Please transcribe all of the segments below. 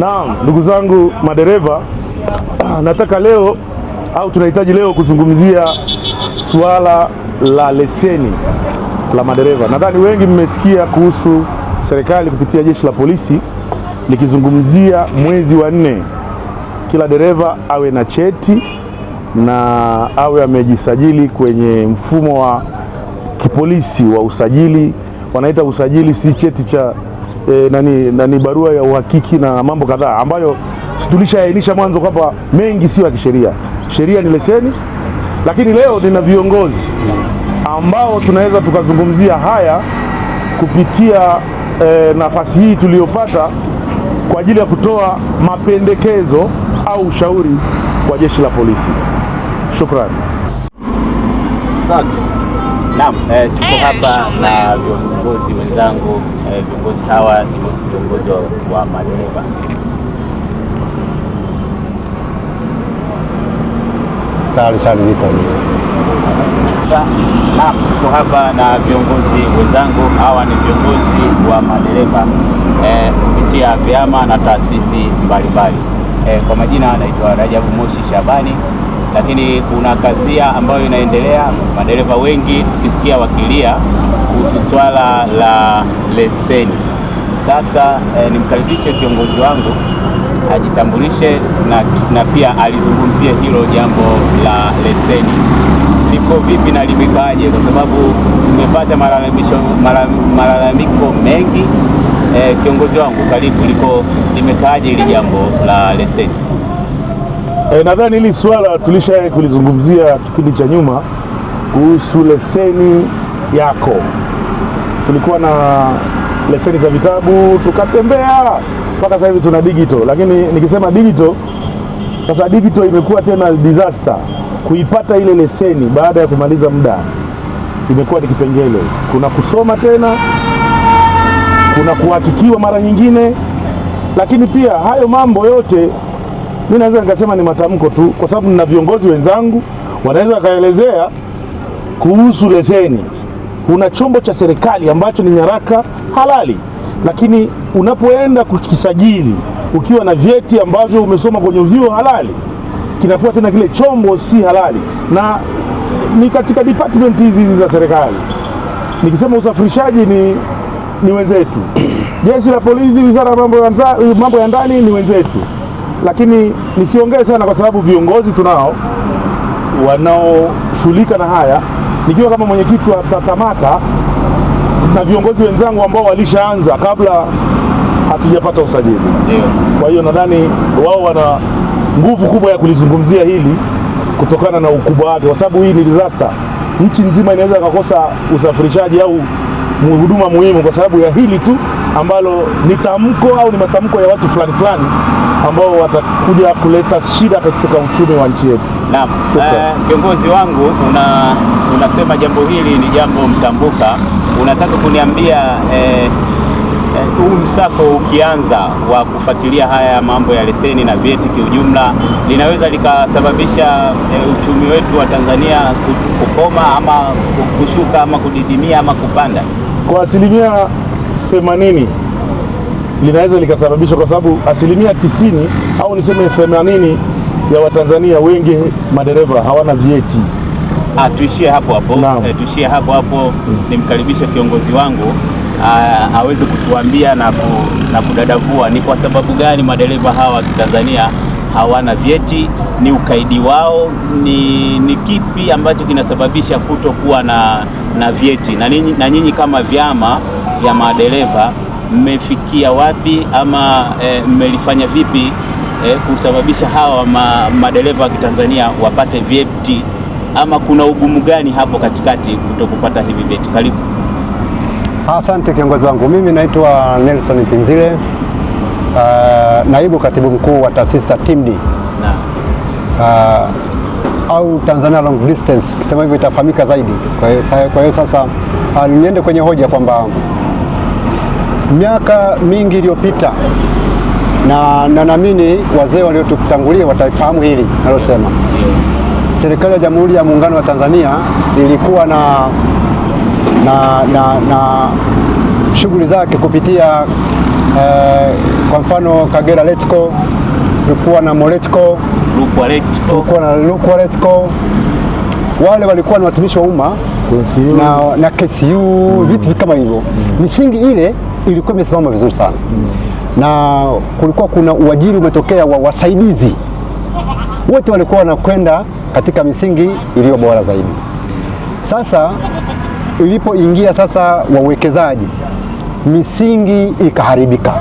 Naam, ndugu zangu madereva, nataka leo au tunahitaji leo kuzungumzia suala la leseni la madereva. Nadhani wengi mmesikia kuhusu serikali kupitia jeshi la polisi likizungumzia mwezi wa nne, kila dereva awe na cheti na awe amejisajili kwenye mfumo wa kipolisi wa usajili, wanaita usajili, si cheti cha e, nani, nani barua ya uhakiki na mambo kadhaa ambayo tulishaainisha mwanzo kwamba mengi sio ya kisheria. Sheria ni leseni, lakini leo nina viongozi ambao tunaweza tukazungumzia haya kupitia e, nafasi hii tuliyopata kwa ajili ya kutoa mapendekezo au ushauri kwa jeshi la polisi. Shukrani. Naam, eh, tuko eh, hapa na viongozi wenzangu. eh, viongozi hawa ni viongozi wa madereva tayari sana niko Naam, tuko hapa na viongozi wenzangu, hawa ni viongozi wa madereva eh, kupitia vyama na taasisi mbalimbali. eh, kwa majina anaitwa Rajabu Moshi Shabani lakini kuna kazia ambayo inaendelea, madereva wengi tukisikia wakilia kuhusu swala la leseni. Sasa eh, nimkaribishe kiongozi wangu ajitambulishe na, na pia alizungumzie hilo jambo la leseni liko vipi na limekaaje, kwa sababu tumepata malalamiko mengi. Eh, kiongozi wangu karibu, liko limekaaje hili jambo la leseni? E, nadhani hili swala tulishawahi kulizungumzia kipindi cha nyuma kuhusu leseni yako. Tulikuwa na leseni za vitabu tukatembea mpaka sasa hivi tuna digital, lakini nikisema digital sasa, digital imekuwa tena disaster. Kuipata ile leseni baada ya kumaliza muda imekuwa ni kipengele. Kuna kusoma tena, kuna kuhakikiwa mara nyingine, lakini pia hayo mambo yote mimi naweza nikasema ni matamko tu, kwa sababu nina viongozi wenzangu wanaweza wakaelezea kuhusu leseni. Una chombo cha serikali ambacho ni nyaraka halali, lakini unapoenda kukisajili ukiwa na vyeti ambavyo umesoma kwenye vyuo halali, kinakuwa tena kile chombo si halali, na ni katika department hizi hizi za serikali. Nikisema usafirishaji ni, ni wenzetu jeshi la polisi, wizara ya mambo ya ndani ni wenzetu lakini nisiongee sana kwa sababu viongozi tunao wanaoshughulika na haya, nikiwa kama mwenyekiti wa TATAMATA na viongozi wenzangu ambao walishaanza kabla hatujapata usajili. Kwa hiyo nadhani wao wana nguvu kubwa ya kulizungumzia hili kutokana na ukubwa wake, kwa sababu hii ni disaster. Nchi nzima inaweza ikakosa usafirishaji au huduma muhimu kwa sababu ya hili tu ambalo ni tamko au ni matamko ya watu fulani fulani ambao watakuja kuleta shida katika uchumi wa nchi yetu. Naam, eh, kiongozi uh, wangu una, unasema jambo hili ni jambo mtambuka, unataka kuniambia eh, eh, huu msako ukianza wa kufuatilia haya mambo ya leseni na vyeti kiujumla, linaweza likasababisha uh, uchumi wetu wa Tanzania kukoma ama kushuka ama kudidimia ama kupanda kwa asilimia themanini linaweza likasababishwa kwa sababu asilimia tisini au niseme themanini ya Watanzania wengi madereva hawana vyeti. Ah, tuishie hapo hapo e, tuishie hapo hapo hmm. Nimkaribishe kiongozi wangu ah, aweze kutuambia na, ku, na kudadavua ni kwa sababu gani madereva hawa wa Kitanzania hawana vyeti, ni ukaidi wao, ni, ni kipi ambacho kinasababisha kutokuwa na, na vyeti na nyinyi na kama vyama vya madereva mmefikia wapi ama e, mmelifanya vipi e, kusababisha hawa ma, madereva wa Kitanzania wapate vyeti ama kuna ugumu gani hapo katikati kutokupata hivi vyeti? Karibu. Asante kiongozi wangu, mimi naitwa Nelson Pinzile, uh, naibu katibu mkuu wa taasisi ya TIMD uh, au Tanzania Long Distance, kisema hivyo itafahamika zaidi. Kwa hiyo sasa ah, niende kwenye hoja kwamba miaka mingi iliyopita, na naamini wazee waliotutangulia watafahamu hili nalosema. Serikali ya Jamhuri ya Muungano wa Tanzania ilikuwa na, na, na, na shughuli zake kupitia eh, kwa mfano Kagera Letco kulikuwa na Moletco, kulikuwa na Rukwa Letco. Wale walikuwa ni watumishi wa umma na, na KCU mm. vitu kama hivyo mm. misingi ile ilikuwa imesimama vizuri sana na kulikuwa kuna uajiri umetokea wa wasaidizi wote walikuwa wanakwenda katika misingi iliyo bora zaidi. Sasa ilipoingia sasa wawekezaji, misingi ikaharibika.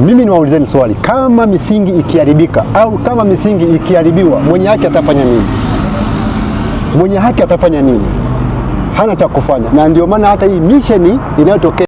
Mimi niwaulizeni swali, kama misingi ikiharibika au kama misingi ikiharibiwa, mwenye haki atafanya nini? Mwenye haki atafanya nini? Hana cha kufanya, na ndio maana hata hii misheni inayotokea